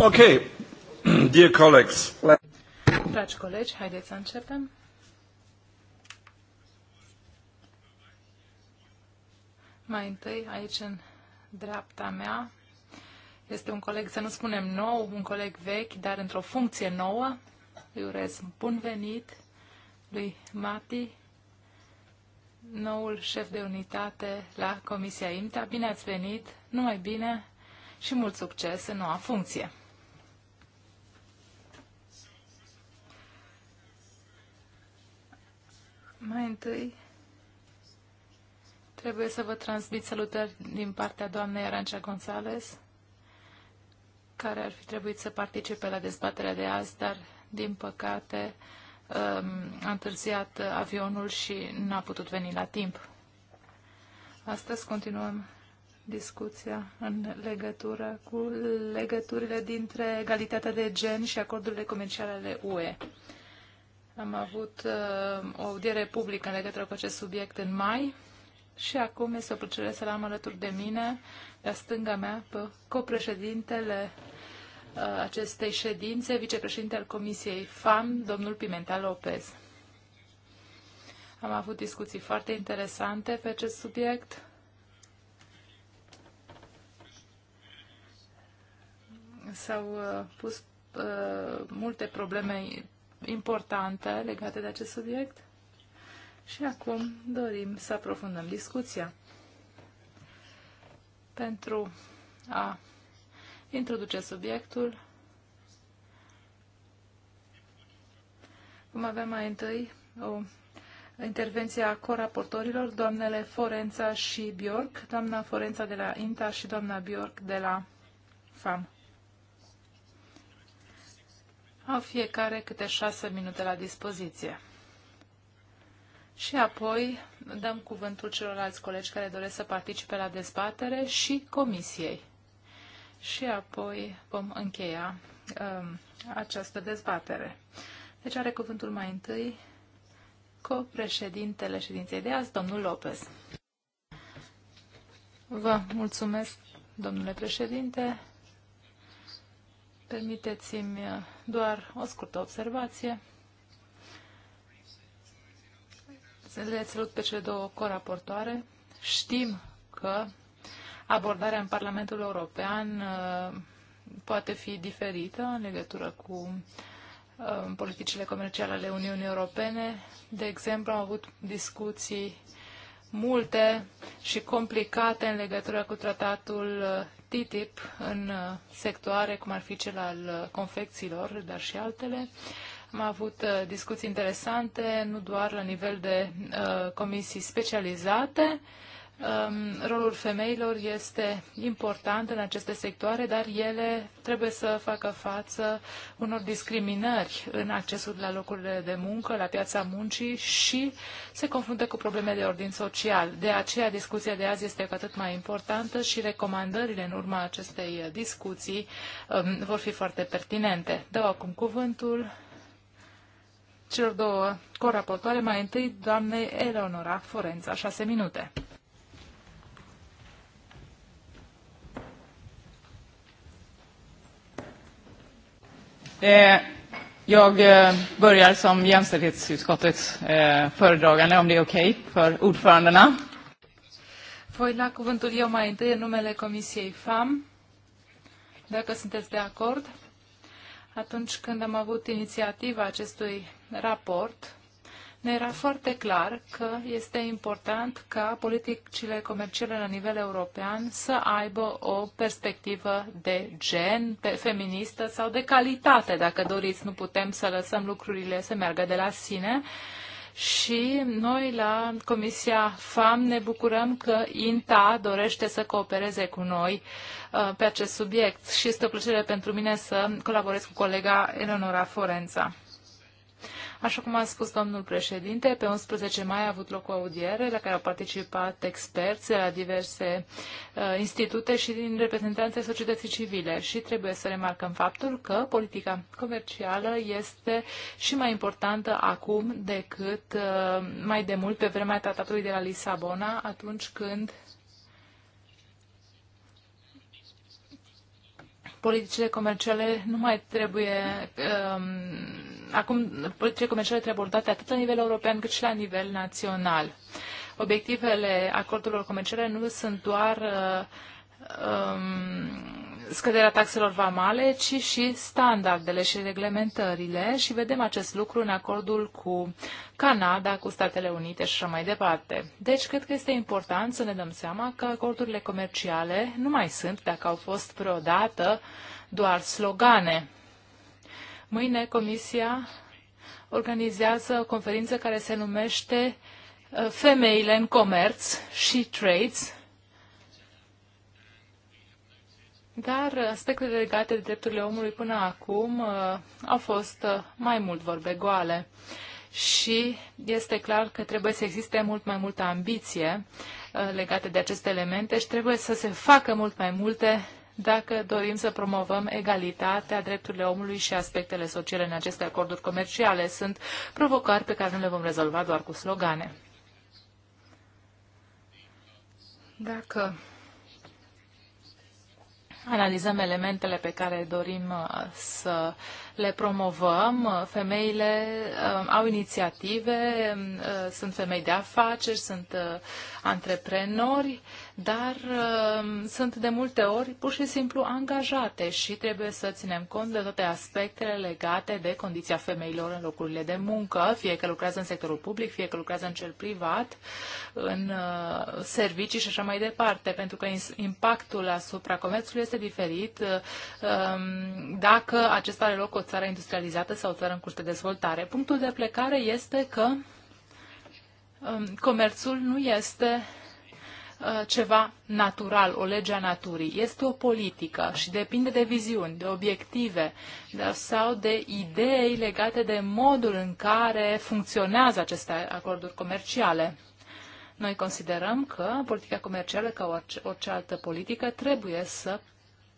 Ok, dear colleagues. Dragi colegi, haideți să începem. Mai întâi, aici în dreapta mea, este un coleg, să nu spunem nou, un coleg vechi, dar într-o funcție nouă. Îi urez bun venit lui Mati, noul șef de unitate la Comisia IMTA. Bine ați venit, numai bine și mult succes în noua funcție. Mai întâi trebuie să vă transmit salutări din partea doamnei Arancea González, care ar fi trebuit să participe la dezbaterea de azi, dar, din păcate, um, a întârziat avionul și nu a putut veni la timp. Astăzi continuăm discuția în legătură cu legăturile dintre egalitatea de gen și acordurile comerciale ale UE. Am avut uh, o audiere publică în legătură cu acest subiect în mai și acum este o plăcere să-l am alături de mine, la stânga mea, pe copreședintele uh, acestei ședințe, vicepreședinte al Comisiei FAM, domnul Pimentel Lopez. Am avut discuții foarte interesante pe acest subiect. S-au uh, pus uh, multe probleme Importantă legate de acest subiect și acum dorim să aprofundăm discuția pentru a introduce subiectul. Vom avea mai întâi o intervenție a coraportorilor, doamnele Forența și Bjork, doamna Forența de la INTA și doamna Bjork de la FAM au fiecare câte șase minute la dispoziție. Și apoi dăm cuvântul celorlalți colegi care doresc să participe la dezbatere și comisiei. Și apoi vom încheia um, această dezbatere. Deci are cuvântul mai întâi copreședintele ședinței de azi, domnul Lopez. Vă mulțumesc, domnule președinte. Permiteți-mi uh, doar o scurtă observație. Le salut pe cele două coraportoare. Știm că abordarea în Parlamentul European uh, poate fi diferită în legătură cu uh, politicile comerciale ale Uniunii Europene. De exemplu, am avut discuții multe și complicate în legătură cu tratatul TTIP în uh, sectoare cum ar fi cel al uh, confecțiilor, dar și altele. Am avut uh, discuții interesante, nu doar la nivel de comisii specializate, Um, rolul femeilor este important în aceste sectoare, dar ele trebuie să facă față unor discriminări în accesul la locurile de muncă, la piața muncii și se confruntă cu probleme de ordin social. De aceea discuția de azi este cu atât mai importantă și recomandările în urma acestei discuții um, vor fi foarte pertinente. Dau acum cuvântul celor două coraportoare, mai întâi doamnei Eleonora Forența, șase minute. Eh, jag eh, börjar som jämställdhetsutskottets eh, föredragande, om det är okej okay, för ordförandena. Voi la cuvântul eu mai întâi în numele Comisiei FAM, dacă sunteți de acord. Atunci când am avut inițiativa acestui raport, ne era foarte clar că este important ca politicile comerciale la nivel european să aibă o perspectivă de gen, pe feministă sau de calitate. Dacă doriți, nu putem să lăsăm lucrurile să meargă de la sine. Și noi la Comisia FAM ne bucurăm că INTA dorește să coopereze cu noi uh, pe acest subiect și este o plăcere pentru mine să colaborez cu colega Eleonora Forența. Așa cum a spus domnul președinte, pe 11 mai a avut loc o audiere la care au participat experți la diverse uh, institute și din reprezentanțe societății civile și trebuie să remarcăm faptul că politica comercială este și mai importantă acum decât uh, mai de mult pe vremea tratatului de la Lisabona, atunci când politicile comerciale nu mai trebuie um, acum politicile comerciale trebuie abordate atât la nivel european cât și la nivel național. Obiectivele acordurilor comerciale nu sunt doar uh, um, scăderea taxelor vamale, ci și standardele și reglementările și vedem acest lucru în acordul cu Canada, cu Statele Unite și așa mai departe. Deci, cred că este important să ne dăm seama că acordurile comerciale nu mai sunt, dacă au fost vreodată, doar slogane. Mâine Comisia organizează o conferință care se numește uh, Femeile în comerț și trades. Dar aspectele legate de drepturile omului până acum uh, au fost uh, mai mult vorbe goale și este clar că trebuie să existe mult mai multă ambiție legate de aceste elemente și trebuie să se facă mult mai multe dacă dorim să promovăm egalitatea, drepturile omului și aspectele sociale în aceste acorduri comerciale. Sunt provocări pe care nu le vom rezolva doar cu slogane. Dacă analizăm elementele pe care dorim uh, să uh, le promovăm. Femeile uh, au inițiative, um, uh, sunt femei de afaceri, sunt uh, antreprenori, dar uh, sunt de multe ori pur și simplu angajate și trebuie să ținem cont de toate aspectele legate de condiția femeilor în locurile de muncă, fie că lucrează în sectorul public, fie că lucrează în cel privat, în uh, servicii și așa mai departe, pentru că impactul asupra comerțului este diferit uh, um, dacă acesta are loc o țară industrializată sau o țară în curs de dezvoltare. Punctul de plecare este că um, comerțul nu este uh, ceva natural, o lege a naturii. Este o politică și depinde de viziuni, de obiective sau de idei legate de modul în care funcționează aceste acorduri comerciale. Noi considerăm că politica comercială, ca orice altă politică, trebuie să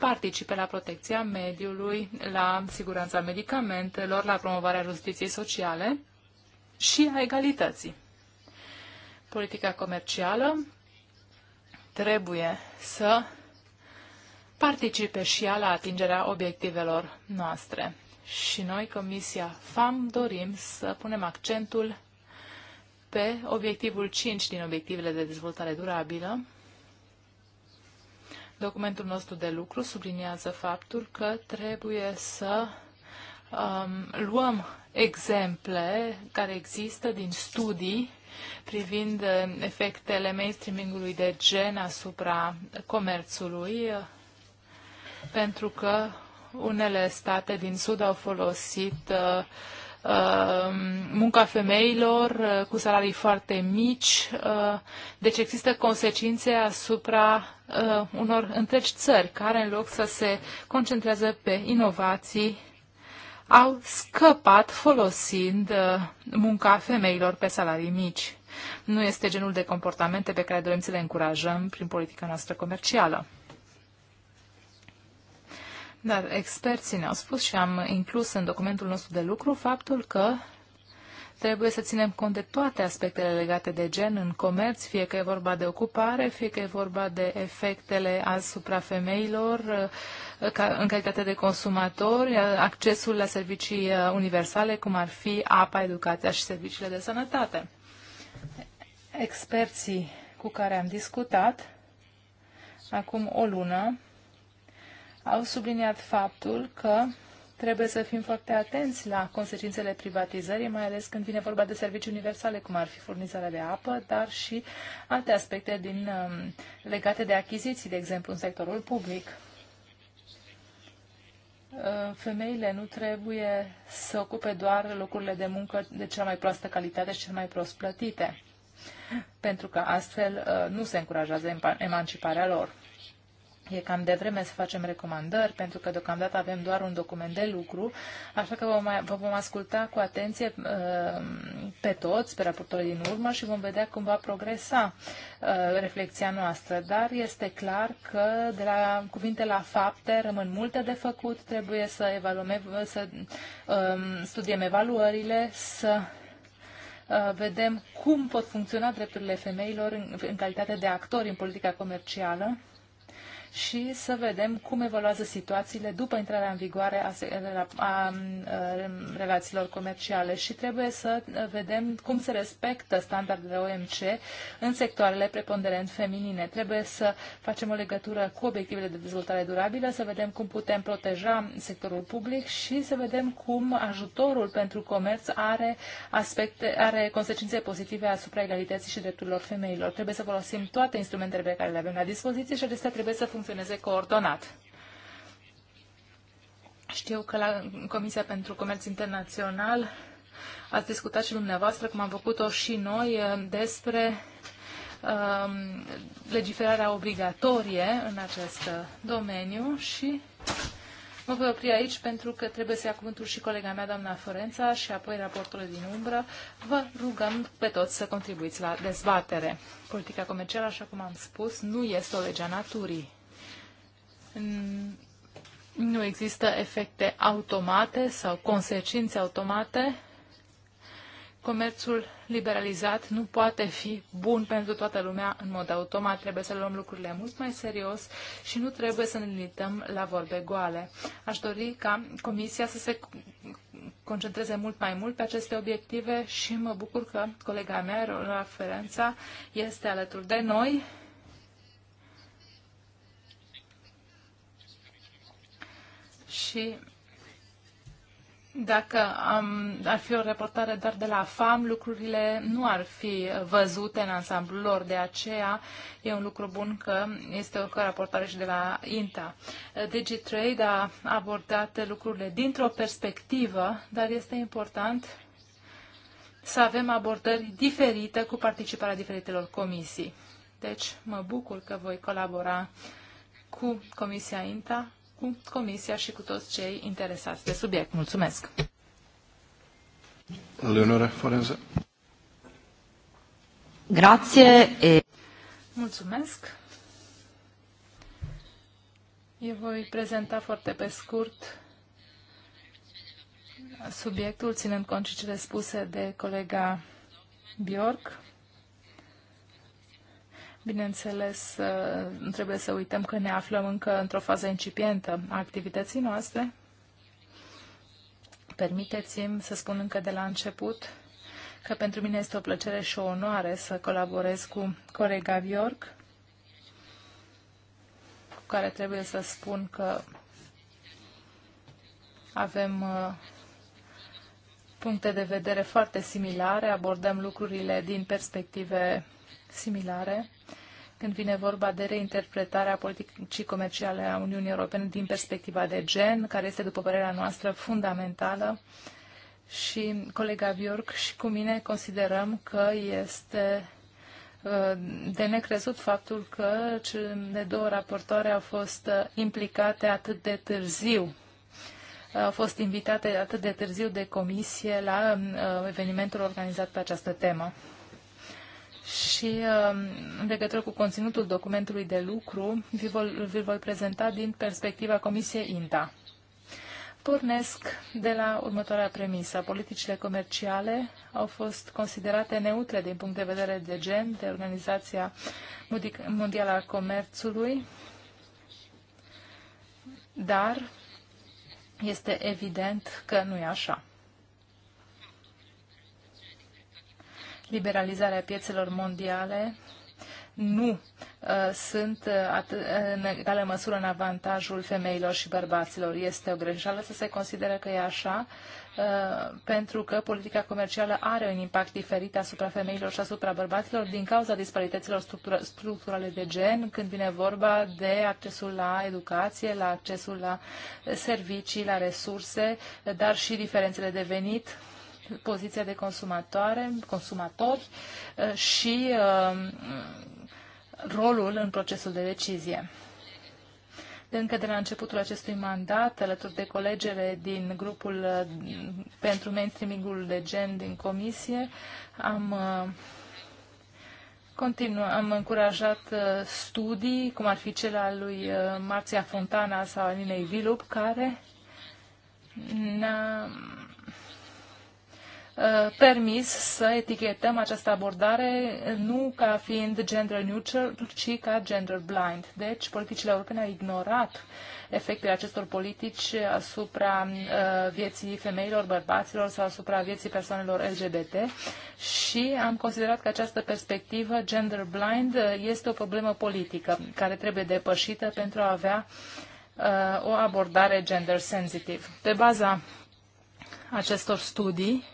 participe la protecția mediului, la siguranța medicamentelor, la promovarea justiției sociale și a egalității. Politica comercială trebuie să participe și ea la atingerea obiectivelor noastre. Și noi, Comisia FAM, dorim să punem accentul pe obiectivul 5 din obiectivele de dezvoltare durabilă, Documentul nostru de lucru subliniază faptul că trebuie să um, luăm exemple care există din studii privind uh, efectele mainstreamingului de gen asupra comerțului, uh, pentru că unele state din Sud au folosit uh, Uh, munca femeilor uh, cu salarii foarte mici. Uh, deci există consecințe asupra unor întregi țări care în loc să se concentrează pe inovații au scăpat folosind munca femeilor pe salarii mici. Nu este genul de comportamente pe care dorim să le încurajăm prin politica noastră comercială. Dar experții ne-au spus și am inclus în documentul nostru de lucru faptul că trebuie să ținem cont de toate aspectele legate de gen în comerț, fie că e vorba de ocupare, fie că e vorba de efectele asupra femeilor uh, ca, în calitate de consumatori, uh, accesul la servicii uh, universale, cum ar fi apa, educația și serviciile de sănătate. Experții cu care am discutat acum o lună au subliniat faptul că trebuie să fim foarte atenți la consecințele privatizării, mai ales când vine vorba de servicii universale, cum ar fi furnizarea de apă, dar și alte aspecte din, um, legate de achiziții, de exemplu, în sectorul public. Uh, femeile nu trebuie să ocupe doar locurile de muncă de cea mai proastă calitate și cel mai prost plătite, pentru că astfel uh, nu se încurajează emanciparea lor. E cam de vreme să facem recomandări, pentru că deocamdată avem doar un document de lucru, așa că vă vom asculta cu atenție uh, pe toți, pe raportorii din urmă și vom vedea cum va progresa uh, reflexia noastră. Dar este clar că de la cuvinte la fapte rămân multe de făcut, trebuie să evaluăm, să um, studiem evaluările, să uh, vedem cum pot funcționa drepturile femeilor în, în calitate de actori în politica comercială și să vedem cum evoluează situațiile după intrarea în vigoare a, a relațiilor comerciale și trebuie să vedem cum se respectă standardele OMC în sectoarele preponderent feminine. Trebuie să facem o legătură cu obiectivele de dezvoltare durabilă, să vedem cum putem proteja sectorul public și să vedem cum ajutorul pentru comerț are, aspecte, are consecințe pozitive asupra egalității și drepturilor femeilor. Trebuie să folosim toate instrumentele pe care le avem la dispoziție și acestea trebuie să funcționeze funcționeze coordonat. Știu că la Comisia pentru Comerț Internațional ați discutat și dumneavoastră, cum am făcut-o și noi, eh, despre um, legiferarea obligatorie în acest eh, domeniu și mă voi opri aici pentru că trebuie să ia cuvântul și colega mea, doamna Forența, și apoi raportul din umbră. Vă rugăm pe toți să contribuiți la dezbatere. Politica comercială, așa cum am spus, nu este o lege a naturii nu există efecte automate sau consecințe automate. Comerțul liberalizat nu poate fi bun pentru toată lumea în mod automat. Trebuie să luăm lucrurile mult mai serios și nu trebuie să ne limităm la vorbe goale. Aș dori ca Comisia să se concentreze mult mai mult pe aceste obiective și mă bucur că colega mea, Rola Ferența, este alături de noi și dacă am, ar fi o reportare doar de la FAM, lucrurile nu ar fi văzute în ansamblul lor. De aceea e un lucru bun că este o reportare și de la INTA. DigiTrade a abordat lucrurile dintr-o perspectivă, dar este important să avem abordări diferite cu participarea diferitelor comisii. Deci mă bucur că voi colabora cu Comisia INTA cu Comisia și cu toți cei interesați de subiect. Mulțumesc! Leonora Forenza. Grație. Mulțumesc. Eu voi prezenta foarte pe scurt subiectul, ținând cont și cele spuse de colega Bjork. Bineînțeles, uh, trebuie să uităm că ne aflăm încă într-o fază incipientă a activității noastre. Permiteți-mi să spun încă de la început că pentru mine este o plăcere și o onoare să colaborez cu colega Viorg, cu care trebuie să spun că avem uh, puncte de vedere foarte similare, abordăm lucrurile din perspective similare când vine vorba de reinterpretarea politicii comerciale a Uniunii Europene din perspectiva de gen, care este, după părerea noastră, fundamentală. Și colega Bjork și cu mine considerăm că este uh, de necrezut faptul că cele două raportoare au fost uh, implicate atât de târziu au fost invitate atât de târziu de comisie la uh, evenimentul organizat pe această temă și um, în legătură cu conținutul documentului de lucru, vi voi, vi voi prezenta din perspectiva Comisiei INTA. Pornesc de la următoarea premisă. Politicile comerciale au fost considerate neutre din punct de vedere de gen de Organizația Mondială a Comerțului, dar este evident că nu e așa. liberalizarea piețelor mondiale nu uh, sunt uh, uh, în egală măsură în avantajul femeilor și bărbaților. Este o greșeală să se consideră că e așa, pentru că politica comercială are un impact diferit asupra femeilor și asupra bărbaților din cauza disparităților structurale de gen, când vine vorba de accesul la educație, la accesul la servicii, la resurse, dar și diferențele de venit poziția de consumatoare, consumatori uh, și uh, rolul în procesul de decizie. De încă de la începutul acestui mandat, alături de colegele din grupul uh, pentru mainstreamingul de gen din comisie, am continu, Am încurajat studii, cum ar fi cel al lui Marția Fontana sau al Ninei Vilup, care ne-a Uh, permis să etichetăm această abordare nu ca fiind gender neutral, ci ca gender blind. Deci, politicile europene au ignorat efectele acestor politici asupra uh, vieții femeilor, bărbaților sau asupra vieții persoanelor LGBT și am considerat că această perspectivă gender blind este o problemă politică care trebuie depășită pentru a avea uh, o abordare gender sensitive. Pe baza acestor studii,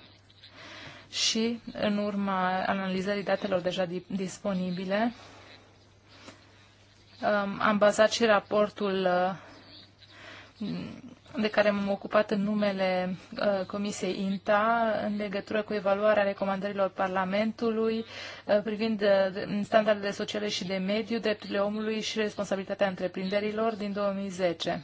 și în urma analizării datelor deja disponibile um, am bazat și raportul uh, de care m-am ocupat în numele uh, Comisiei INTA în legătură cu evaluarea recomandărilor Parlamentului uh, privind standardele sociale și de mediu, drepturile omului și responsabilitatea întreprinderilor din 2010.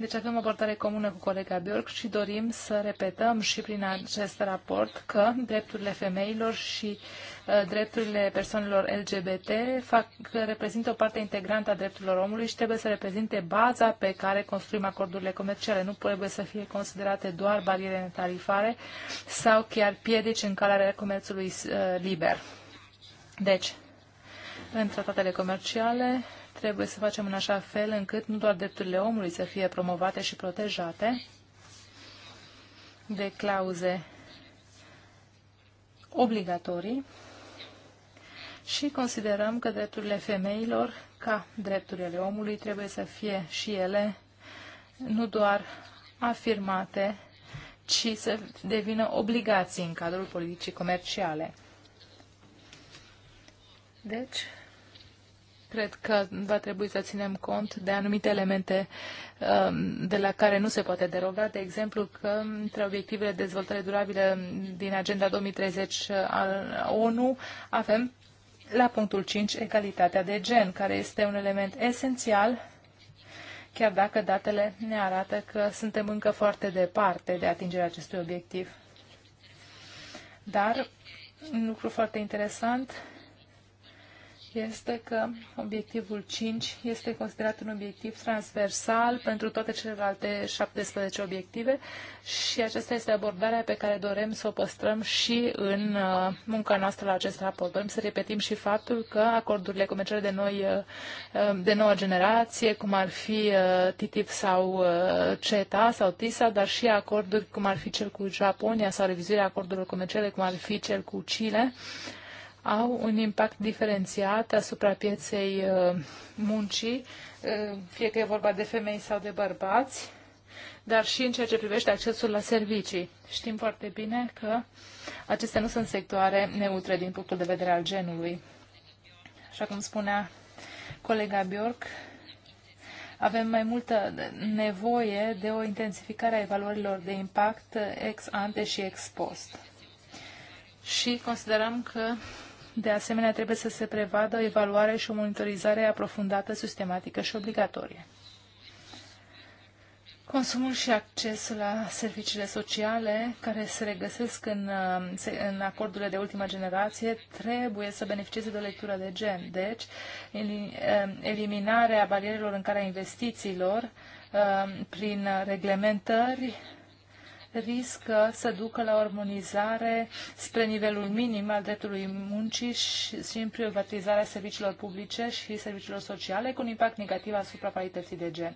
Deci avem o abordare comună cu colega Bjork și dorim să repetăm și prin acest raport că drepturile femeilor și uh, drepturile persoanelor LGBT fac, reprezintă o parte integrantă a drepturilor omului și trebuie să reprezinte baza pe care construim acordurile comerciale. Nu trebuie să fie considerate doar bariere tarifare sau chiar piedici în calarea comerțului uh, liber. Deci, în tratatele comerciale trebuie să facem în așa fel încât nu doar drepturile omului să fie promovate și protejate de clauze obligatorii și considerăm că drepturile femeilor, ca drepturile omului, trebuie să fie și ele nu doar afirmate, ci să devină obligații în cadrul politicii comerciale. Deci, Cred că va trebui să ținem cont de anumite elemente um, de la care nu se poate deroga, de exemplu că între obiectivele de dezvoltare durabilă din Agenda 2030 al ONU avem la punctul 5 egalitatea de gen, care este un element esențial chiar dacă datele ne arată că suntem încă foarte departe de atingerea acestui obiectiv. Dar un lucru foarte interesant este că obiectivul 5 este considerat un obiectiv transversal pentru toate celelalte 17 obiective și aceasta este abordarea pe care dorem să o păstrăm și în uh, munca noastră la acest raport. Dorem să repetim și faptul că acordurile comerciale de, noi, uh, uh, de nouă generație, cum ar fi TTIP sau CETA sau TISA, dar și acorduri cum ar fi cel cu Japonia sau revizuirea acordurilor comerciale, cum ar fi cel cu Chile, au un impact diferențiat asupra pieței uh, muncii, uh, fie că e vorba de femei sau de bărbați, dar și în ceea ce privește accesul la servicii. Știm foarte bine că acestea nu sunt sectoare neutre din punctul de vedere al genului. Așa cum spunea colega Bjork, avem mai multă nevoie de o intensificare a evaluărilor de impact ex ante și ex post. Și considerăm că de asemenea, trebuie să se prevadă o evaluare și o monitorizare aprofundată, sistematică și obligatorie. Consumul și accesul la serviciile sociale care se regăsesc în, uh, în acordurile de ultima generație trebuie să beneficieze de o lectură de gen. Deci, uh, eliminarea barierelor în care investițiilor uh, prin reglementări riscă să ducă la ormonizare spre nivelul minim al dreptului muncii și în privatizarea serviciilor publice și serviciilor sociale, cu un impact negativ asupra parității de gen.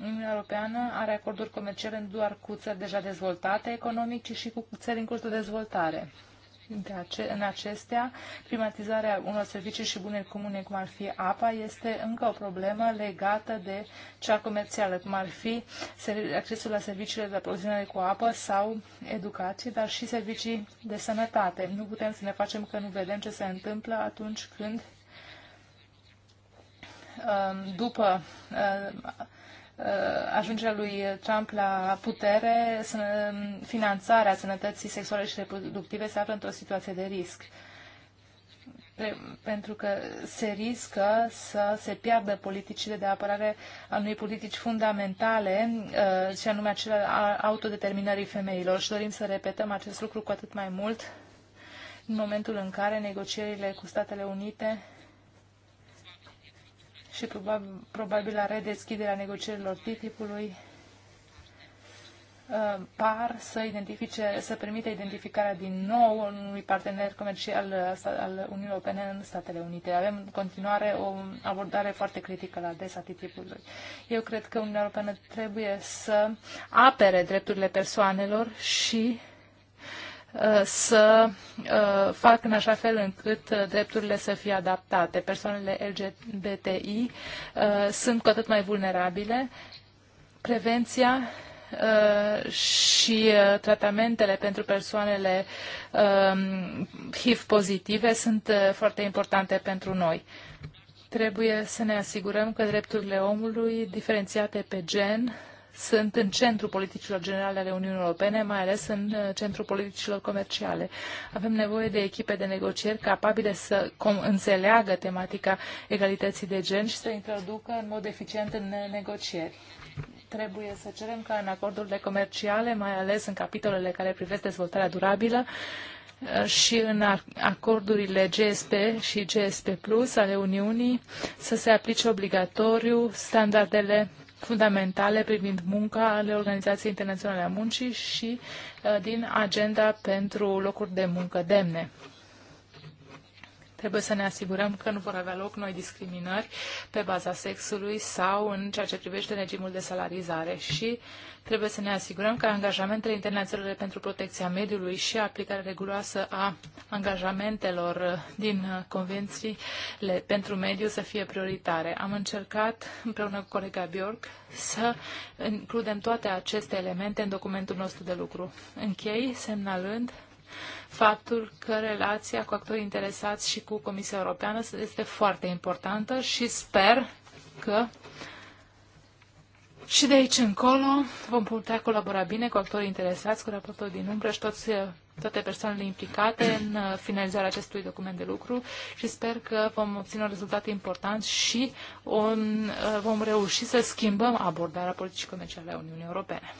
Uniunea Europeană are acorduri comerciale nu doar cu țări deja dezvoltate economic, ci și cu țări în curs de dezvoltare în acestea, primatizarea unor servicii și bune comune, cum ar fi apa, este încă o problemă legată de cea comercială, cum ar fi accesul la serviciile de aprovizionare cu apă sau educație, dar și servicii de sănătate. Nu putem să ne facem că nu vedem ce se întâmplă atunci când um, după uh, Uh, ajungerea lui Trump la putere, finanțarea sănătății sexuale și reproductive se află într-o situație de risc. Pentru că se riscă să se piardă politicile de apărare a unei politici fundamentale, uh, și anume acela autodeterminării femeilor. Și dorim să repetăm acest lucru cu atât mai mult în momentul în care negocierile cu Statele Unite și probabil, probabil la redeschiderea negocierilor TTIP-ului uh, par să, identifice, să permită identificarea din nou unui partener comercial uh, al Uniunii Europene în Statele Unite. Avem în continuare o abordare foarte critică la adresa TTIP-ului. Eu cred că Uniunea Europeană trebuie să apere drepturile persoanelor și Uh, să uh, fac în așa fel încât uh, drepturile să fie adaptate. Persoanele LGBTI sunt cu atât mai vulnerabile. Prevenția și tratamentele pentru persoanele um, HIV pozitive sunt foarte importante pentru noi. Trebuie să ne asigurăm că drepturile omului diferențiate pe gen sunt în centrul politicilor generale ale Uniunii Europene, mai ales în uh, centrul politicilor comerciale. Avem nevoie de echipe de negocieri capabile să înțeleagă tematica egalității de gen și să introducă în mod eficient în negocieri trebuie să cerem ca în acordurile comerciale, mai ales în capitolele care privesc dezvoltarea durabilă, uh, și în acordurile GSP și GSP Plus ale Uniunii să se aplice obligatoriu standardele fundamentale privind munca ale Organizației Internaționale a Muncii și uh, din agenda pentru locuri de muncă demne. Trebuie să ne asigurăm că nu vor avea loc noi discriminări pe baza sexului sau în ceea ce privește regimul de salarizare și trebuie să ne asigurăm că angajamentele internaționale pentru protecția mediului și aplicarea reguloasă a angajamentelor din convențiile pentru mediu să fie prioritare. Am încercat împreună cu colega Bjork să includem toate aceste elemente în documentul nostru de lucru. Închei semnalând faptul că relația cu actorii interesați și cu Comisia Europeană este foarte importantă și sper că și de aici încolo vom putea colabora bine cu actorii interesați, cu raportul din umbră și toți, toate persoanele implicate în finalizarea acestui document de lucru și sper că vom obține un rezultat important și vom reuși să schimbăm abordarea politicii comerciale a Uniunii Europene.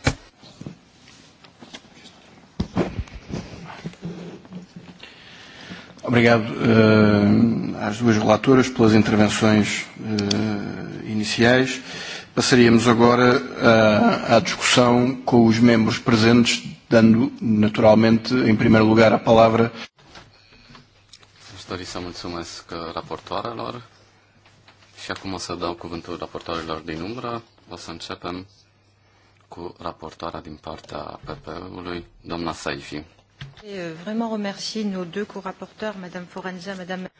Obrigado uh, às duas relatoras pelas intervenções uh, iniciais. Passaríamos agora uh, à discussão com os membros presentes, dando naturalmente, em primeiro lugar, a palavra. Aș dori să mulțumesc raportoarelor și acum o să dau cuvântul raportoarelor din umbră. O să începem cu raportoarea din partea PP-ului, doamna Saifi.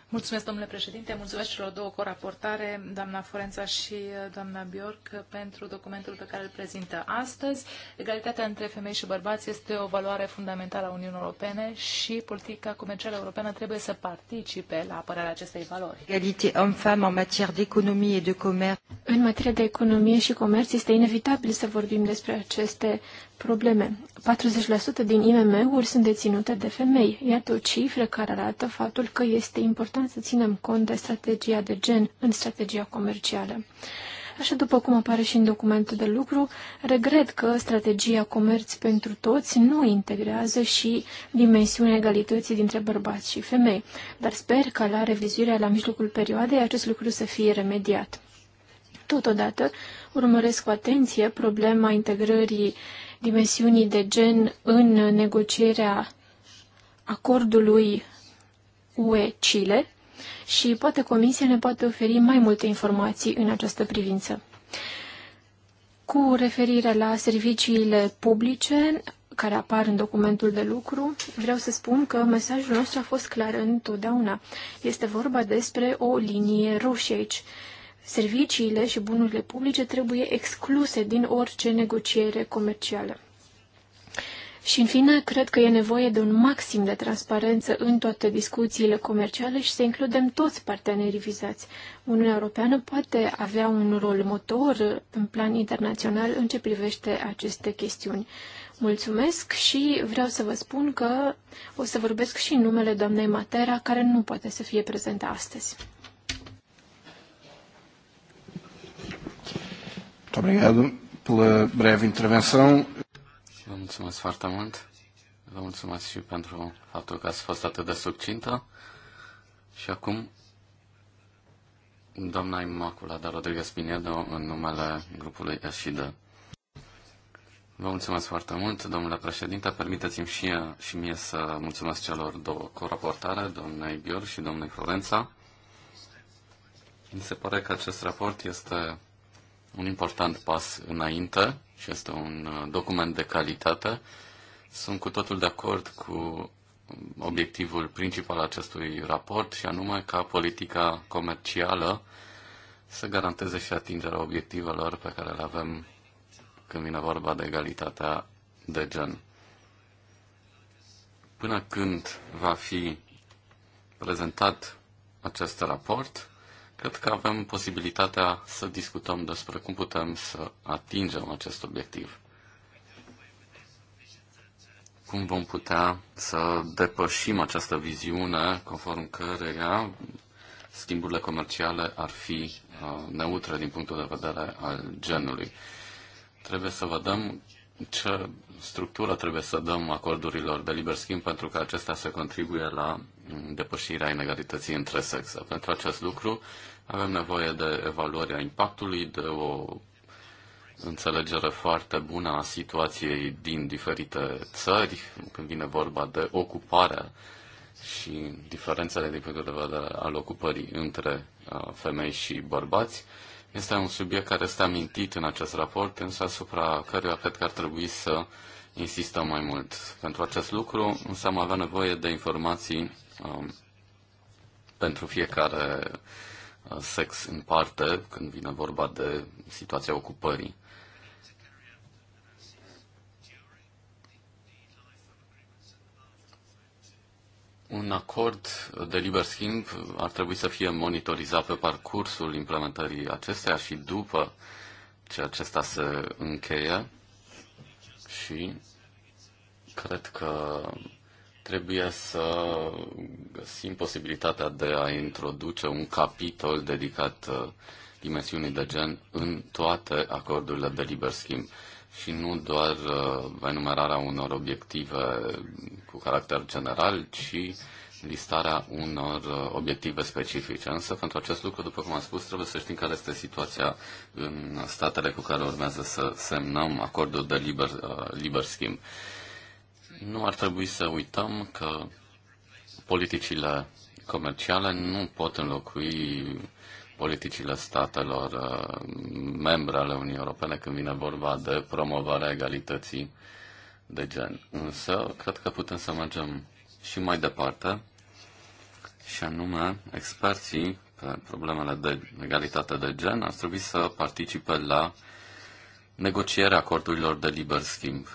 Mulțumesc, domnule președinte, mulțumesc celor două coraportare, doamna Forența și uh, doamna Bjork, pentru documentul pe care îl prezintă astăzi. Egalitatea între femei și bărbați este o valoare fundamentală a Uniunii Europene și politica comercială europeană trebuie să participe la apărarea acestei valori. Egalitate om femme în de economie și de comerț. În materie de economie și comerț este inevitabil să vorbim despre aceste probleme. 40% din IMM-uri sunt de deținute de femei. Iată o cifră care arată faptul că este important să ținem cont de strategia de gen în strategia comercială. Așa după cum apare și în documentul de lucru, regret că strategia comerț pentru toți nu integrează și dimensiunea egalității dintre bărbați și femei, dar sper că la revizuirea la mijlocul perioadei acest lucru să fie remediat. Totodată, urmăresc cu atenție problema integrării dimensiunii de gen în negocierea acordului UE-Chile și poate Comisia ne poate oferi mai multe informații în această privință. Cu referire la serviciile publice care apar în documentul de lucru, vreau să spun că mesajul nostru a fost clar întotdeauna. Este vorba despre o linie roșie aici serviciile și bunurile publice trebuie excluse din orice negociere comercială. Și, în fine, cred că e nevoie de un maxim de transparență în toate discuțiile comerciale și să includem toți partenerii vizați. Uniunea Europeană poate avea un rol motor în plan internațional în ce privește aceste chestiuni. Mulțumesc și vreau să vă spun că o să vorbesc și în numele doamnei Matera, care nu poate să fie prezentă astăzi. Muito obrigado pela breve intervenção. Vă mulțumesc foarte mult. Vă mulțumesc și pentru faptul că ați fost atât de succintă. Și acum, doamna Imaculada Rodriguez Pinedo, în numele grupului SID. Vă mulțumesc foarte mult, domnule președinte. Permiteți-mi și, și mie să mulțumesc celor două coraportare, doamnei Ghior și domnei Florența. Mi se pare că acest raport este un important pas înainte și este un uh, document de calitate. Sunt cu totul de acord cu obiectivul principal al acestui raport și anume ca politica comercială să garanteze și atingerea obiectivelor pe care le avem când vine vorba de egalitatea de gen. Până când va fi prezentat acest raport, Cred că avem posibilitatea să discutăm despre cum putem să atingem acest obiectiv. Cum vom putea să depășim această viziune conform căreia schimburile comerciale ar fi uh, neutre din punctul de vedere al genului. Trebuie să vedem ce structură trebuie să dăm acordurilor de liber schimb pentru că acestea să contribuie la depășirea inegalității între sexe. Pentru acest lucru avem nevoie de evaluarea impactului, de o înțelegere foarte bună a situației din diferite țări, când vine vorba de ocupare și diferențele din punct de vedere al ocupării între uh, femei și bărbați. Este un subiect care este amintit în acest raport, însă asupra căruia cred că ar trebui să insistăm mai mult. Pentru acest lucru, însă am avea nevoie de informații Um, pentru fiecare uh, sex în parte când vine vorba de situația ocupării. Un acord de liber schimb ar trebui să fie monitorizat pe parcursul implementării acesteia și după ce acesta se încheie și cred că Trebuie să găsim posibilitatea de a introduce un capitol dedicat uh, dimensiunii de gen în toate acordurile de liber schimb și nu doar uh, enumerarea unor obiective cu caracter general, ci listarea unor uh, obiective specifice. Însă, pentru acest lucru, după cum am spus, trebuie să știm care este situația în statele cu care urmează să semnăm acordul de liber, liber schimb. Nu ar trebui să uităm că politicile comerciale nu pot înlocui politicile statelor uh, membre ale Uniunii Europene când vine vorba de promovarea egalității de gen. Însă, cred că putem să mergem și mai departe, și anume, experții pe problemele de egalitate de gen ar trebui să participe la negocierea acordurilor de liber schimb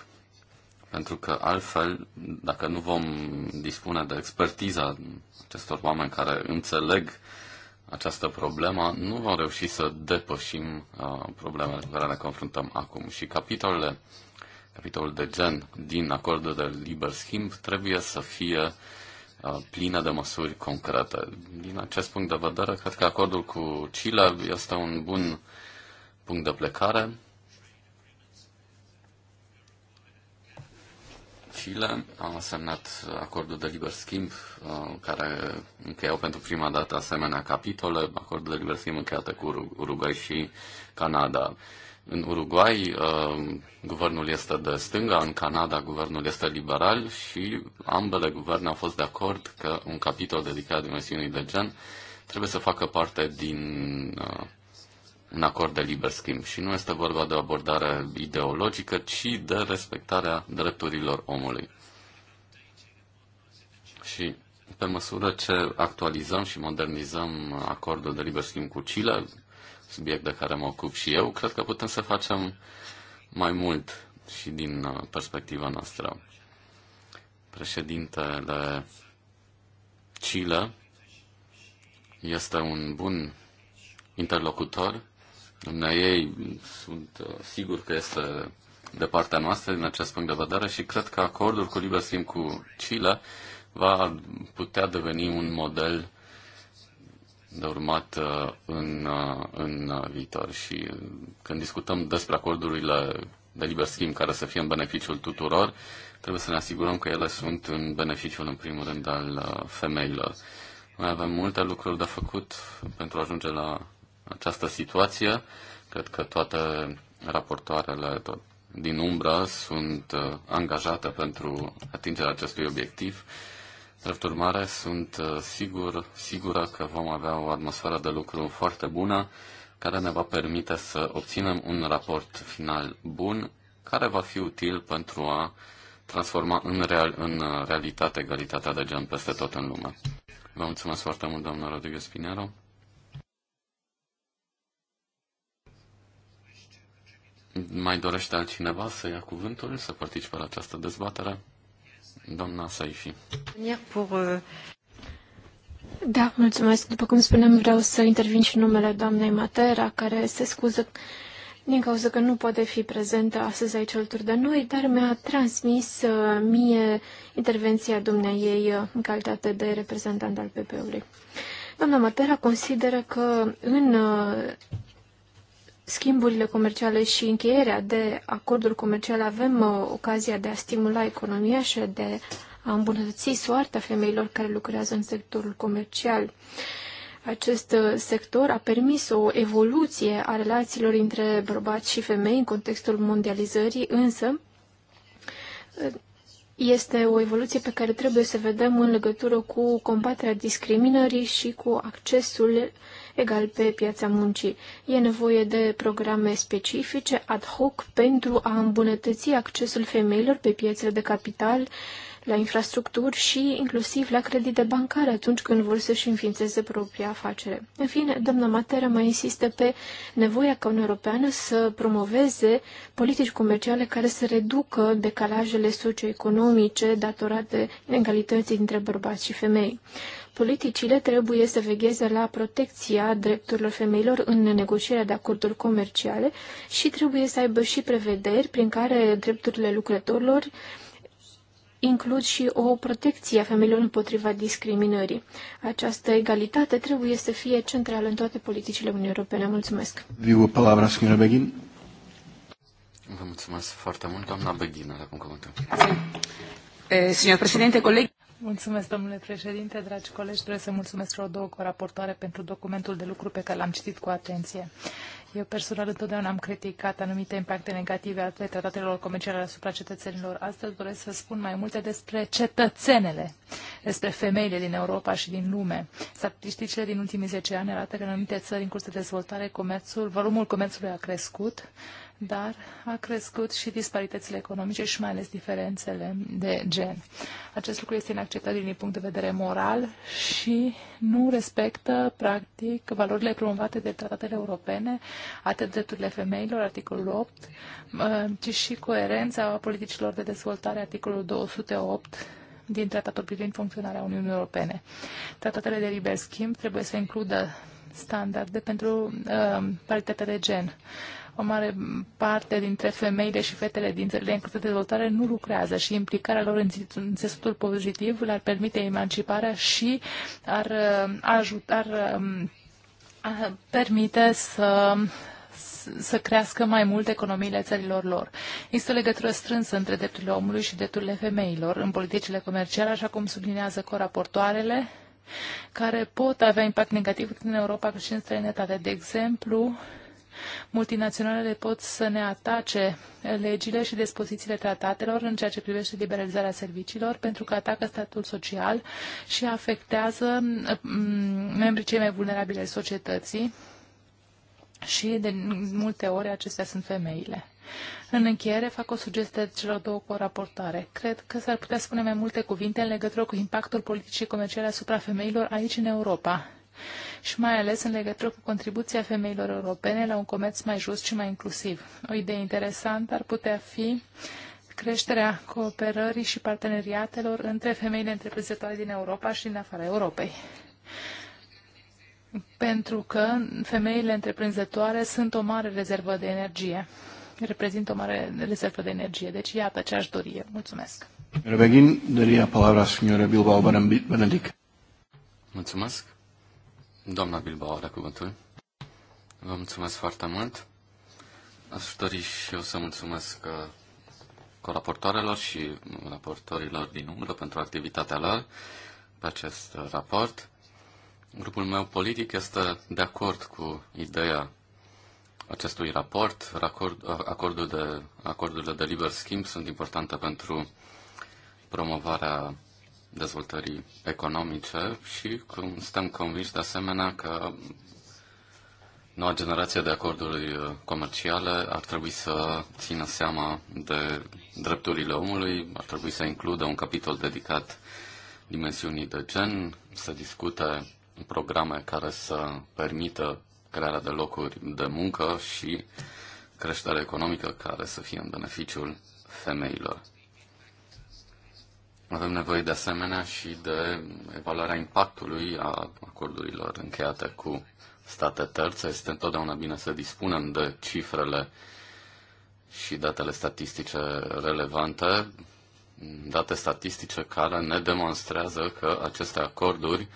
pentru că altfel, dacă nu vom dispune de expertiza acestor oameni care înțeleg această problemă, nu vom reuși să depășim uh, problemele cu care ne confruntăm acum. Și capitolele, capitolul de gen din acordul de liber schimb trebuie să fie uh, plină de măsuri concrete. Din acest punct de vedere, cred că acordul cu Chile este un bun punct de plecare Chile a semnat acordul de liber schimb uh, care încheiau pentru prima dată asemenea capitole, acordul de liber schimb încheiate cu Uruguay și Canada. În Uruguay, uh, guvernul este de stânga, în Canada, guvernul este liberal și ambele guverne au fost de acord că un capitol dedicat dimensiunii de gen trebuie să facă parte din uh, un acord de liber schimb și nu este vorba de o abordare ideologică, ci de respectarea drepturilor omului. Și pe măsură ce actualizăm și modernizăm acordul de liber schimb cu Chile, subiect de care mă ocup și eu, cred că putem să facem mai mult și din uh, perspectiva noastră. Președintele Chile este un bun interlocutor ei sunt uh, sigur că este de partea noastră din acest punct de vedere și cred că acordul cu liber schimb cu Chile va putea deveni un model de urmat uh, în, uh, în viitor. Și când discutăm despre acordurile de liber schimb care să fie în beneficiul tuturor, trebuie să ne asigurăm că ele sunt în beneficiul, în primul rând, al femeilor. Mai avem multe lucruri de făcut pentru a ajunge la această situație. Cred că toate raportoarele din umbră sunt uh, angajate pentru atingerea acestui obiectiv. Drept urmare, sunt uh, sigur, sigură că vom avea o atmosferă de lucru foarte bună care ne va permite să obținem un raport final bun care va fi util pentru a transforma în, real, în uh, realitate egalitatea de gen peste tot în lume. Vă mulțumesc foarte mult, doamna Rodriguez Pinero. Mai dorește altcineva să ia cuvântul, să participe la această dezbatere? Doamna Saifi. Uh, da, mulțumesc. După cum spuneam, vreau să intervin și numele doamnei Matera, care se scuză din cauza că nu poate fi prezentă astăzi aici alături de noi, dar mi-a transmis uh, mie intervenția ei uh, în calitate de reprezentant al PP-ului. Doamna Matera consideră că în schimburile comerciale și încheierea de acorduri comerciale avem uh, ocazia de a stimula economia și de a îmbunătăți soarta femeilor care lucrează în sectorul comercial. Acest uh, sector a permis o evoluție a relațiilor între bărbați și femei în contextul mondializării, însă uh, este o evoluție pe care trebuie să vedem în legătură cu combaterea discriminării și cu accesul egal pe piața muncii. E nevoie de programe specifice, ad hoc, pentru a îmbunătăți accesul femeilor pe piețele de capital, la infrastructuri și inclusiv la credite bancare atunci când vor să-și înființeze propria afacere. În fine, doamna Matera mai insistă pe nevoia ca Uniunea Europeană să promoveze politici comerciale care să reducă decalajele socioeconomice datorate inegalității dintre bărbați și femei. Politicile trebuie să vegheze la protecția drepturilor femeilor în negocierea de acorduri comerciale și trebuie să aibă și prevederi prin care drepturile lucrătorilor includ și o protecție a femeilor împotriva discriminării. Această egalitate trebuie să fie centrală în toate politicile Uniunii Europene. Mulțumesc! Viu palavra, Beghin. Vă mulțumesc foarte mult, doamna Beghin, la cum cuvântul. Eh, Signor președinte, colegi... Mulțumesc, domnule președinte, dragi colegi. doresc să mulțumesc celor două coraportoare pentru documentul de lucru pe care l-am citit cu atenție. Eu personal întotdeauna am criticat anumite impacte negative ale tratatelor comerciale asupra cetățenilor. Astăzi doresc să spun mai multe despre cetățenele, despre femeile din Europa și din lume. Statisticile din ultimii 10 ani arată că în anumite țări în curs de dezvoltare comerțul, volumul comerțului a crescut, dar a crescut și disparitățile economice și mai ales diferențele de gen. Acest lucru este inacceptabil din punct de vedere moral și nu respectă, practic, valorile promovate de tratatele europene, atât drepturile femeilor, articolul 8, uh, ci și coerența politicilor de dezvoltare, articolul 208, din tratatul privind funcționarea Uniunii Europene. Tratatele de liber schimb trebuie să includă standarde pentru uh, paritatea de gen o mare parte dintre femeile și fetele din țările în curs de dezvoltare nu lucrează și implicarea lor în țesutul pozitiv le-ar permite emanciparea și ar, uh, ajuta, ar, um, ar permite să să crească mai mult economiile țărilor lor. Este o legătură strânsă între drepturile omului și drepturile femeilor în politicile comerciale, așa cum sublinează coraportoarele, care pot avea impact negativ în Europa și în străinătate. De exemplu, multinaționalele pot să ne atace legile și dispozițiile tratatelor în ceea ce privește liberalizarea serviciilor, pentru că atacă statul social și afectează mm, membrii cei mai vulnerabili ai societății și de multe ori acestea sunt femeile. În încheiere fac o sugestie celor două cu o raportare. Cred că s-ar putea spune mai multe cuvinte în legătură cu impactul politicii comerciale asupra femeilor aici în Europa și mai ales în legătură cu contribuția femeilor europene la un comerț mai just și mai inclusiv. O idee interesantă ar putea fi creșterea cooperării și parteneriatelor între femeile întreprinzătoare din Europa și din afara Europei pentru că femeile întreprinzătoare sunt o mare rezervă de energie. Reprezintă o mare rezervă de energie. Deci iată ce aș dori eu. Mulțumesc. Mulțumesc. Doamna Bilbao are cuvântul. Vă mulțumesc foarte mult. Aș dori și eu să mulțumesc uh, coraportoarelor și raportorilor din umbră pentru activitatea lor pe acest uh, raport. Grupul meu politic este de acord cu ideea acestui raport. Acord, uh, acordul de, acordurile de liber schimb sunt importante pentru promovarea dezvoltării economice și suntem convinși de asemenea că noua generație de acorduri uh, comerciale ar trebui să țină seama de drepturile omului, ar trebui să includă un capitol dedicat dimensiunii de gen, să discute programe care să permită crearea de locuri de muncă și creșterea economică care să fie în beneficiul femeilor. Avem nevoie de asemenea și de evaluarea impactului a acordurilor încheiate cu state terțe. Este întotdeauna bine să dispunem de cifrele și datele statistice relevante, date statistice care ne demonstrează că aceste acorduri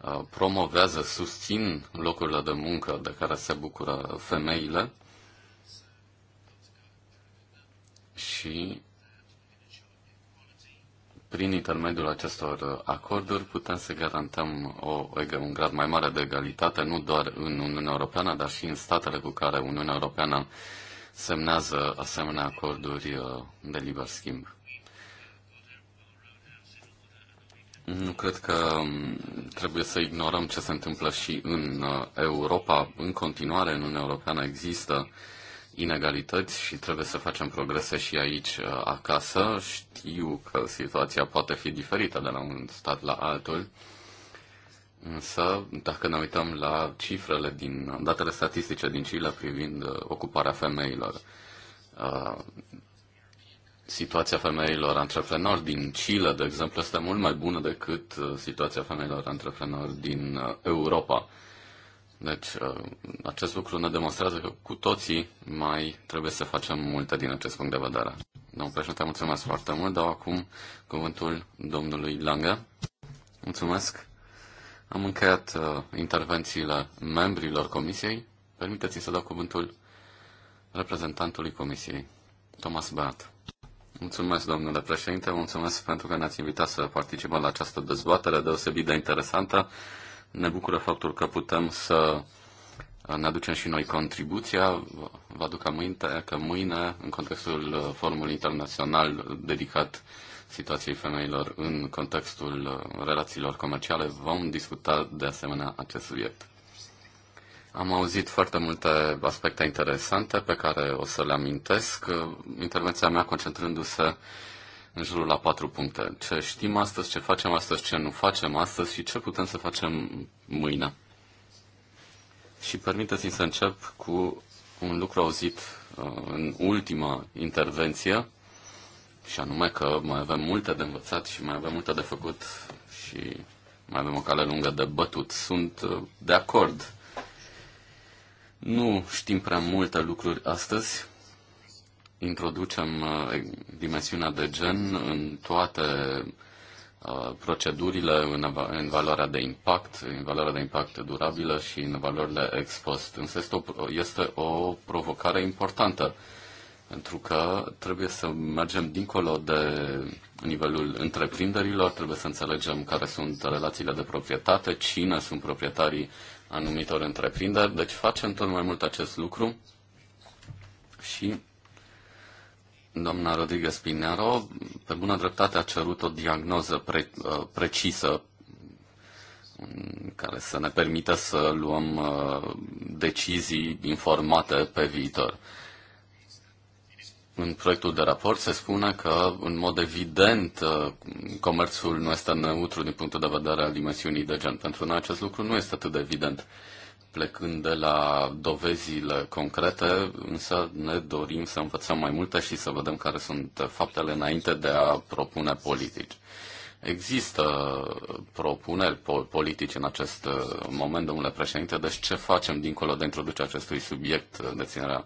uh, promovează, susțin locurile de muncă de care se bucură femeile și prin intermediul acestor acorduri putem să garantăm o, un grad mai mare de egalitate, nu doar în Uniunea Europeană, dar și în statele cu care Uniunea Europeană semnează asemenea acorduri uh, de liber schimb. Nu cred că um, trebuie să ignorăm ce se întâmplă și în uh, Europa. În continuare, în Uniunea Europeană există uh, inegalități și trebuie să facem progrese și aici uh, acasă. Știu că situația poate fi diferită de la un stat la altul, însă dacă ne uităm la cifrele din datele statistice din Chile privind uh, ocuparea femeilor, uh, situația femeilor antreprenori din Chile, de exemplu, este mult mai bună decât situația femeilor antreprenori din Europa. Deci, uh, acest lucru ne demonstrează că cu toții mai trebuie să facem multe din acest punct de vedere. Domnul președinte, mulțumesc foarte mult. Dau acum cuvântul domnului Lange. Mulțumesc. Am încheiat uh, intervențiile membrilor comisiei. Permiteți-mi să dau cuvântul reprezentantului comisiei, Thomas Beat. Mulțumesc, domnule președinte, mulțumesc pentru că ne-ați invitat să participăm la această dezbatere deosebit de interesantă ne bucură faptul că putem să ne aducem și noi contribuția. Vă aduc aminte că mâine, în contextul Forumului Internațional dedicat situației femeilor în contextul relațiilor comerciale, vom discuta de asemenea acest subiect. Am auzit foarte multe aspecte interesante pe care o să le amintesc. Intervenția mea concentrându-se în jurul la patru puncte. Ce știm astăzi, ce facem astăzi, ce nu facem astăzi și ce putem să facem mâine. Și permiteți-mi să încep cu un lucru auzit uh, în ultima intervenție, și anume că mai avem multe de învățat și mai avem multe de făcut și mai avem o cale lungă de bătut. Sunt uh, de acord. Nu știm prea multe lucruri astăzi, introducem uh, dimensiunea de gen în toate uh, procedurile în valoarea de impact, în valoarea de impact durabilă și în valorile ex post. Însă este o, este o provocare importantă, pentru că trebuie să mergem dincolo de nivelul întreprinderilor, trebuie să înțelegem care sunt relațiile de proprietate, cine sunt proprietarii anumitor întreprinderi, deci facem tot mai mult acest lucru și Doamna Rodriguez Pinero, pe bună dreptate, a cerut o diagnoză pre, uh, precisă care să ne permită să luăm uh, decizii informate pe viitor. În proiectul de raport se spune că, în mod evident, uh, comerțul nu este neutru din punctul de vedere al dimensiunii de gen. Pentru noi acest lucru nu este atât de evident. Uh, plecând de la dovezile concrete, însă ne dorim să învățăm mai multe și să vedem care sunt faptele înainte de a propune politici. Există propuneri politice în acest uh, moment, domnule președinte, deci ce facem dincolo de introducerea acestui subiect, uh, de ținerea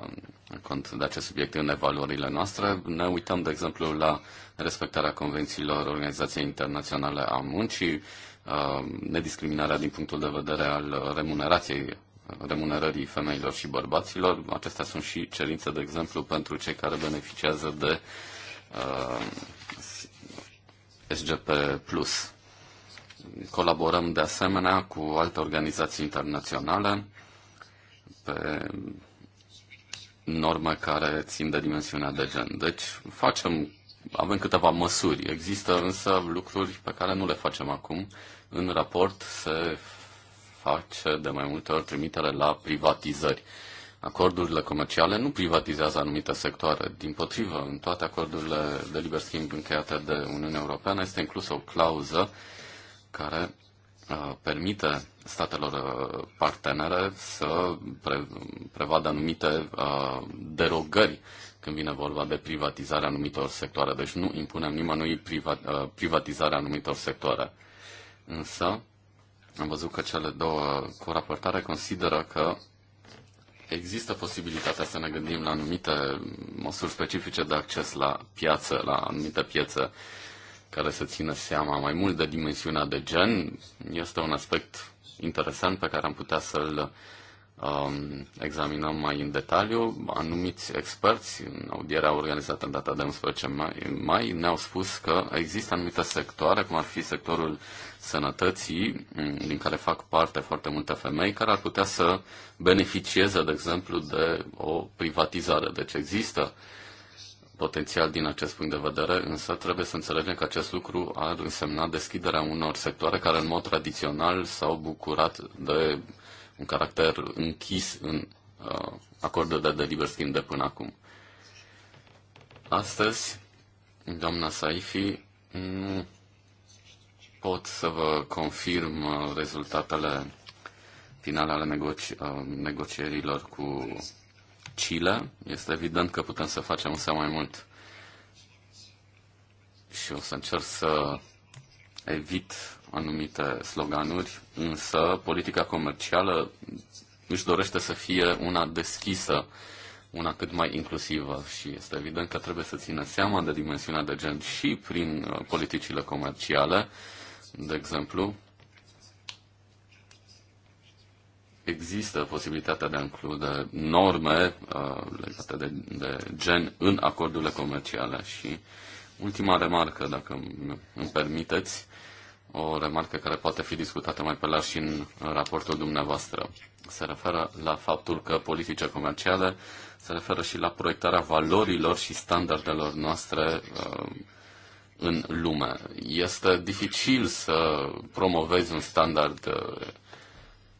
um, cont de acest subiect în evaluările noastre. Ne uităm, de exemplu, la respectarea convențiilor Organizației Internaționale a Muncii, Uh, nediscriminarea din punctul de vedere al remunerației remunerării femeilor și bărbaților. Acestea sunt și cerințe, de exemplu, pentru cei care beneficiază de uh, SGP+. Colaborăm de asemenea cu alte organizații internaționale pe norme care țin de dimensiunea de gen. Deci facem, avem câteva măsuri. Există însă lucruri pe care nu le facem acum în raport se face de mai multe ori trimitere la privatizări. Acordurile comerciale nu privatizează anumite sectoare. Din potrivă, în toate acordurile de liber schimb încheiate de Uniunea Europeană este inclusă o clauză care uh, permite statelor uh, partenere să pre, prevadă anumite uh, derogări când vine vorba de privatizarea anumitor sectoare. Deci nu impunem nimănui priva, privatizarea anumitor sectoare. Însă, am văzut că cele două raportare consideră că există posibilitatea să ne gândim la anumite măsuri specifice de acces la piață, la anumite piețe care să țină seama mai mult de dimensiunea de gen. Este un aspect interesant pe care am putea să-l Um, examinăm mai în detaliu. Anumiți experți, în audierea organizată în data de 11 mai, mai ne-au spus că există anumite sectoare, cum ar fi sectorul sănătății, mm, din care fac parte foarte multe femei, care ar putea să beneficieze, de exemplu, de o privatizare. Deci există potențial din acest punct de vedere, însă trebuie să înțelegem că acest lucru ar însemna deschiderea unor sectoare care în mod tradițional s-au bucurat de un caracter închis în uh, de de liber schimb de până acum. Astăzi, doamna Saifi, nu pot să vă confirm uh, rezultatele finale ale negoci- uh, negocierilor cu Chile. Este evident că putem să facem însă mai mult și o să încerc să evit anumite sloganuri, însă politica comercială își dorește să fie una deschisă, una cât mai inclusivă și este evident că trebuie să țină seama de dimensiunea de gen și prin uh, politicile comerciale. De exemplu, există posibilitatea de a include norme uh, legate de, de gen în acordurile comerciale și ultima remarcă, dacă îmi permiteți, o remarcă care poate fi discutată mai pe larg și în raportul dumneavoastră. Se referă la faptul că politice comerciale se referă și la proiectarea valorilor și standardelor noastre uh, în lume. Este dificil să promovezi un standard uh,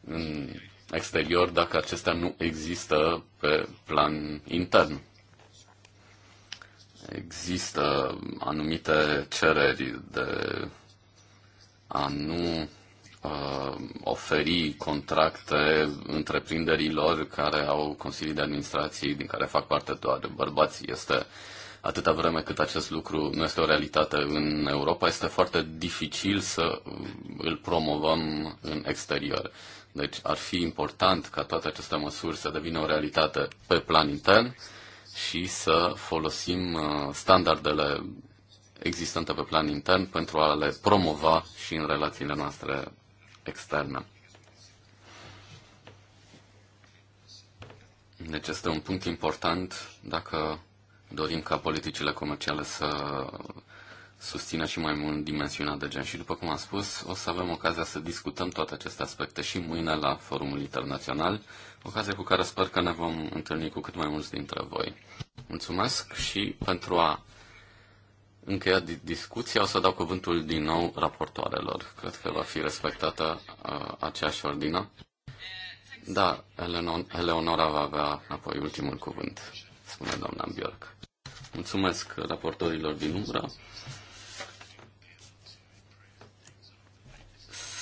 în exterior dacă acesta nu există pe plan intern. Există anumite cereri de a nu uh, oferi contracte întreprinderilor care au consilii de administrație din care fac parte doar bărbați este atâta vreme cât acest lucru nu este o realitate în Europa, este foarte dificil să uh, îl promovăm în exterior. Deci ar fi important ca toate aceste măsuri să devină o realitate pe plan intern și să folosim uh, standardele existente pe plan intern pentru a le promova și în relațiile noastre externe. Deci este un punct important dacă dorim ca politicile comerciale să susțină și mai mult dimensiunea de gen. Și după cum am spus, o să avem ocazia să discutăm toate aceste aspecte și mâine la Forumul Internațional, ocazie cu care sper că ne vom întâlni cu cât mai mulți dintre voi. Mulțumesc și pentru a încheiat discuția, o să dau cuvântul din nou raportoarelor. Cred că va fi respectată uh, aceeași ordine. Da, Eleonora va avea apoi ultimul cuvânt, spune doamna Bjork. Mulțumesc raportorilor din umbră.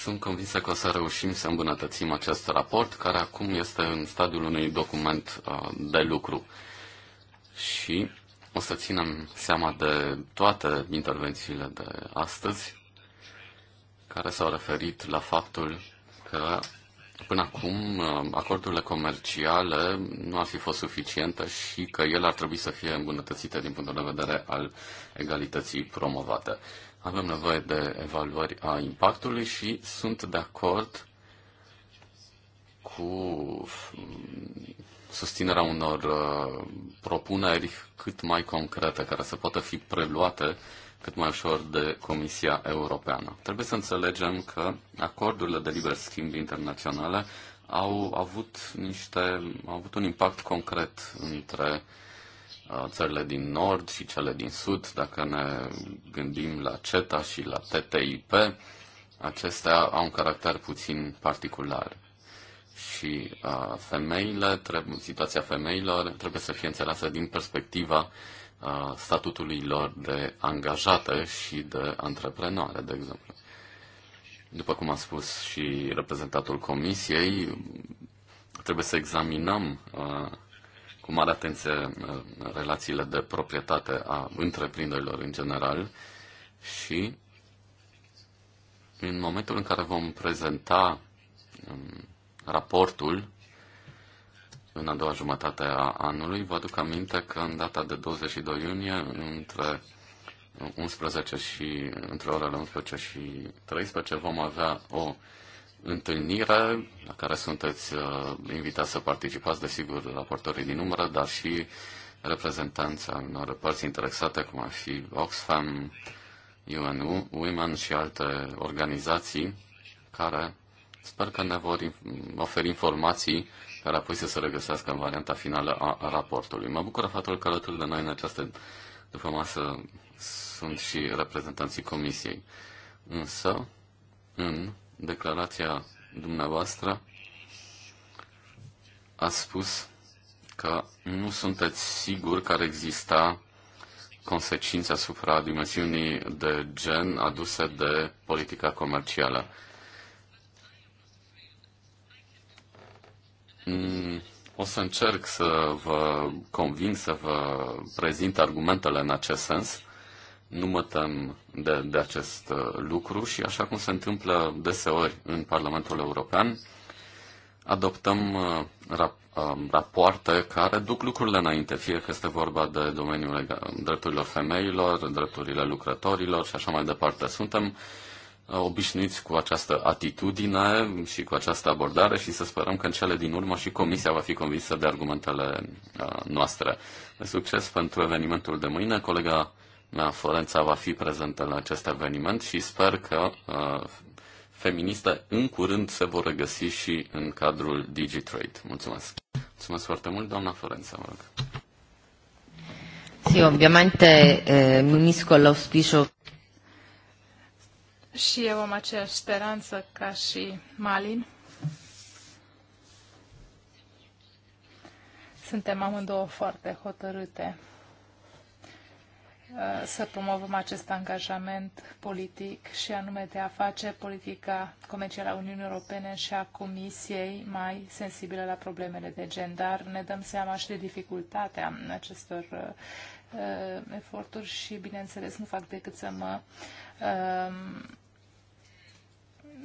Sunt convinsă că o să reușim să îmbunătățim acest raport, care acum este în stadiul unui document de lucru. Și o să ținem seama de toate intervențiile de astăzi care s-au referit la faptul că până acum acordurile comerciale nu ar fi fost suficiente și că ele ar trebui să fie îmbunătățite din punctul de vedere al egalității promovate. Avem nevoie de evaluări a impactului și sunt de acord cu mm, susținerea unor uh, propuneri cât mai concrete, care să poată fi preluate cât mai ușor de Comisia Europeană. Trebuie să înțelegem că acordurile de liber schimb internaționale au avut, niște, au avut un impact concret între uh, țările din nord și cele din sud. Dacă ne gândim la CETA și la TTIP, acestea au un caracter puțin particular și uh, femeile, trebuie, situația femeilor trebuie să fie înțeleasă din perspectiva uh, statutului lor de angajată și de antreprenoare, de exemplu. După cum a spus și reprezentatul comisiei, trebuie să examinăm uh, cu mare atenție uh, relațiile de proprietate a întreprinderilor în general și în momentul în care vom prezenta um, raportul în a doua jumătate a anului. Vă aduc aminte că în data de 22 iunie, între 11 și, între orele 11 și 13, vom avea o întâlnire la care sunteți uh, invitați să participați, desigur, raportorii din umbră, dar și reprezentanța unor părți interesate, cum ar fi Oxfam, UNU, Women și alte organizații care Sper că ne vor oferi informații care apoi să se regăsească în varianta finală a raportului. Mă bucură faptul că alături de noi în această după masă sunt și reprezentanții Comisiei. Însă, în declarația dumneavoastră, a spus că nu sunteți sigur că ar exista consecințe asupra dimensiunii de gen aduse de politica comercială. Mm, o să încerc să vă conving, să vă prezint argumentele în acest sens. Nu mă tem de, de acest uh, lucru și așa cum se întâmplă deseori în Parlamentul European, adoptăm uh, rap- um, rapoarte care duc lucrurile înainte, fie că este vorba de domeniul drepturilor femeilor, drepturile lucrătorilor și așa mai departe. Suntem uh, Uh, obișnuiți cu această atitudine și cu această abordare și să sperăm că în cele din urmă și Comisia va fi convinsă de argumentele uh, noastre. De succes pentru evenimentul de mâine. Colega mea, Florența, va fi prezentă la acest eveniment și sper că uh, feministe în curând se vor regăsi și în cadrul DigiTrade. Mulțumesc! Mulțumesc foarte mult, doamna Florența, mă rog. Sì, ovviamente eh, mi unisco all'auspicio și eu am aceeași speranță ca și Malin. Suntem amândouă foarte hotărâte uh, să promovăm acest angajament politic și anume de a face politica comercială a Uniunii Europene și a Comisiei mai sensibilă la problemele de gen. Dar ne dăm seama și de dificultatea acestor uh, uh, eforturi și, bineînțeles, nu fac decât să mă uh,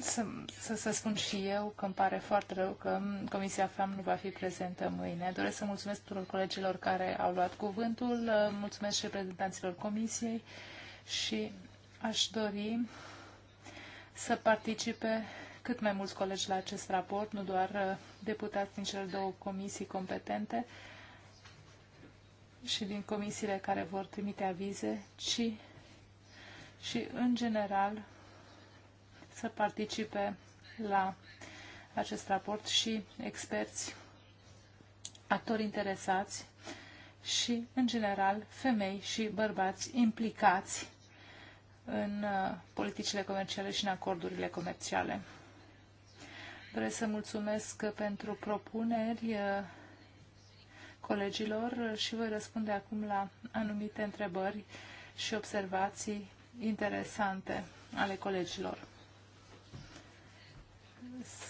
să, să, să spun și eu că îmi pare foarte rău că Comisia FAM nu va fi prezentă mâine. Doresc să mulțumesc tuturor colegilor care au luat cuvântul, mulțumesc și reprezentanților Comisiei și aș dori să participe cât mai mulți colegi la acest raport, nu doar uh, deputați din cele două comisii competente și din comisiile care vor trimite avize, ci și, în general, să participe la acest raport și experți, actori interesați și, în general, femei și bărbați implicați în uh, politicile comerciale și în acordurile comerciale. Vreau să mulțumesc pentru propuneri uh, colegilor și voi răspunde acum la anumite întrebări și observații interesante ale colegilor.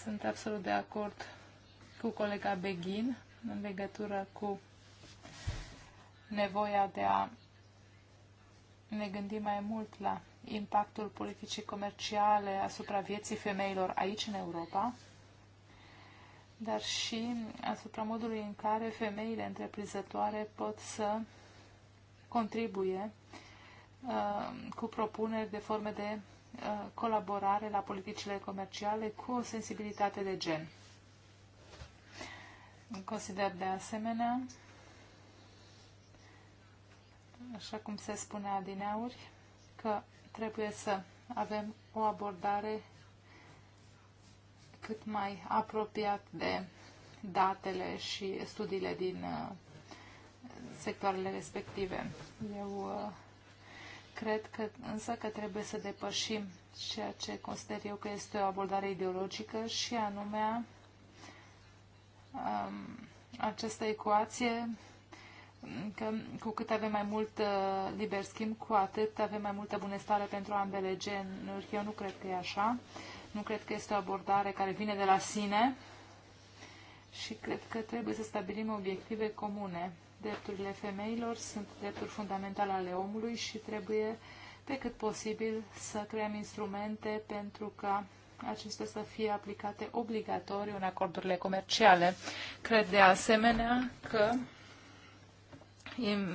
Sunt absolut de acord cu colega Beghin în legătură cu nevoia de a ne gândi mai mult la impactul politicii comerciale asupra vieții femeilor aici în Europa, dar și asupra modului în care femeile întreprinzătoare pot să contribuie uh, cu propuneri de forme de Uh, colaborare la politicile comerciale cu o sensibilitate de gen. Consider de asemenea, așa cum se spune adineauri, că trebuie să avem o abordare cât mai apropiat de datele și studiile din uh, sectoarele respective. Eu uh, Cred că, însă că trebuie să depășim ceea ce consider eu că este o abordare ideologică și anume um, această ecuație că cu cât avem mai mult uh, liber schimb, cu atât avem mai multă bunăstare pentru ambele genuri. Eu nu cred că e așa. Nu cred că este o abordare care vine de la sine și cred că trebuie să stabilim obiective comune Drepturile femeilor sunt drepturi fundamentale ale omului și trebuie pe cât posibil să creăm instrumente pentru ca acestea să fie aplicate obligatoriu în acordurile comerciale. Cred de asemenea că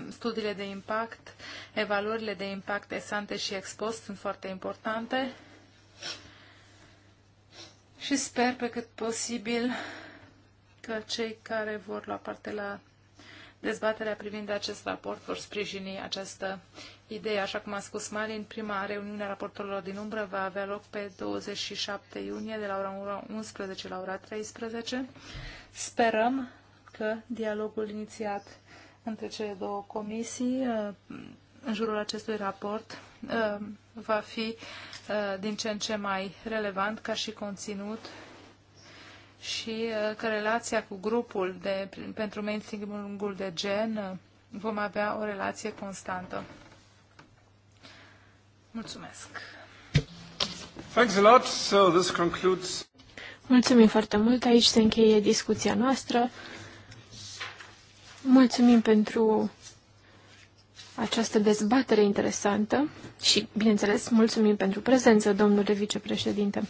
studiile de impact, evaluările de impact esante și expost sunt foarte importante și sper pe cât posibil că cei care vor lua parte la Dezbaterea privind acest raport vor sprijini această idee. Așa cum a spus Marin, prima reuniune a raportorilor din umbră va avea loc pe 27 iunie de la ora 11 la ora 13. Sperăm că dialogul inițiat între cele două comisii uh, în jurul acestui raport uh, va fi uh, din ce în ce mai relevant ca și conținut și uh, că relația cu grupul de, pentru mainstream-ul de gen uh, vom avea o relație constantă. Mulțumesc! Thanks a lot. So this concludes... Mulțumim foarte mult. Aici se încheie discuția noastră. Mulțumim pentru această dezbatere interesantă și, bineînțeles, mulțumim pentru prezență, domnule vicepreședinte.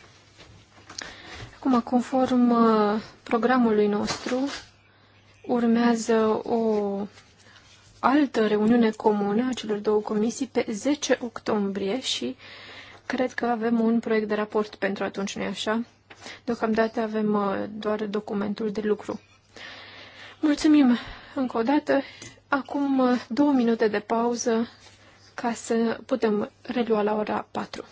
Acum, conform uh, programului nostru, urmează o altă reuniune comună a celor două comisii pe 10 octombrie și cred că avem un proiect de raport pentru atunci, nu așa? Deocamdată avem uh, doar documentul de lucru. Mulțumim încă o dată. Acum uh, două minute de pauză ca să putem relua la ora 4.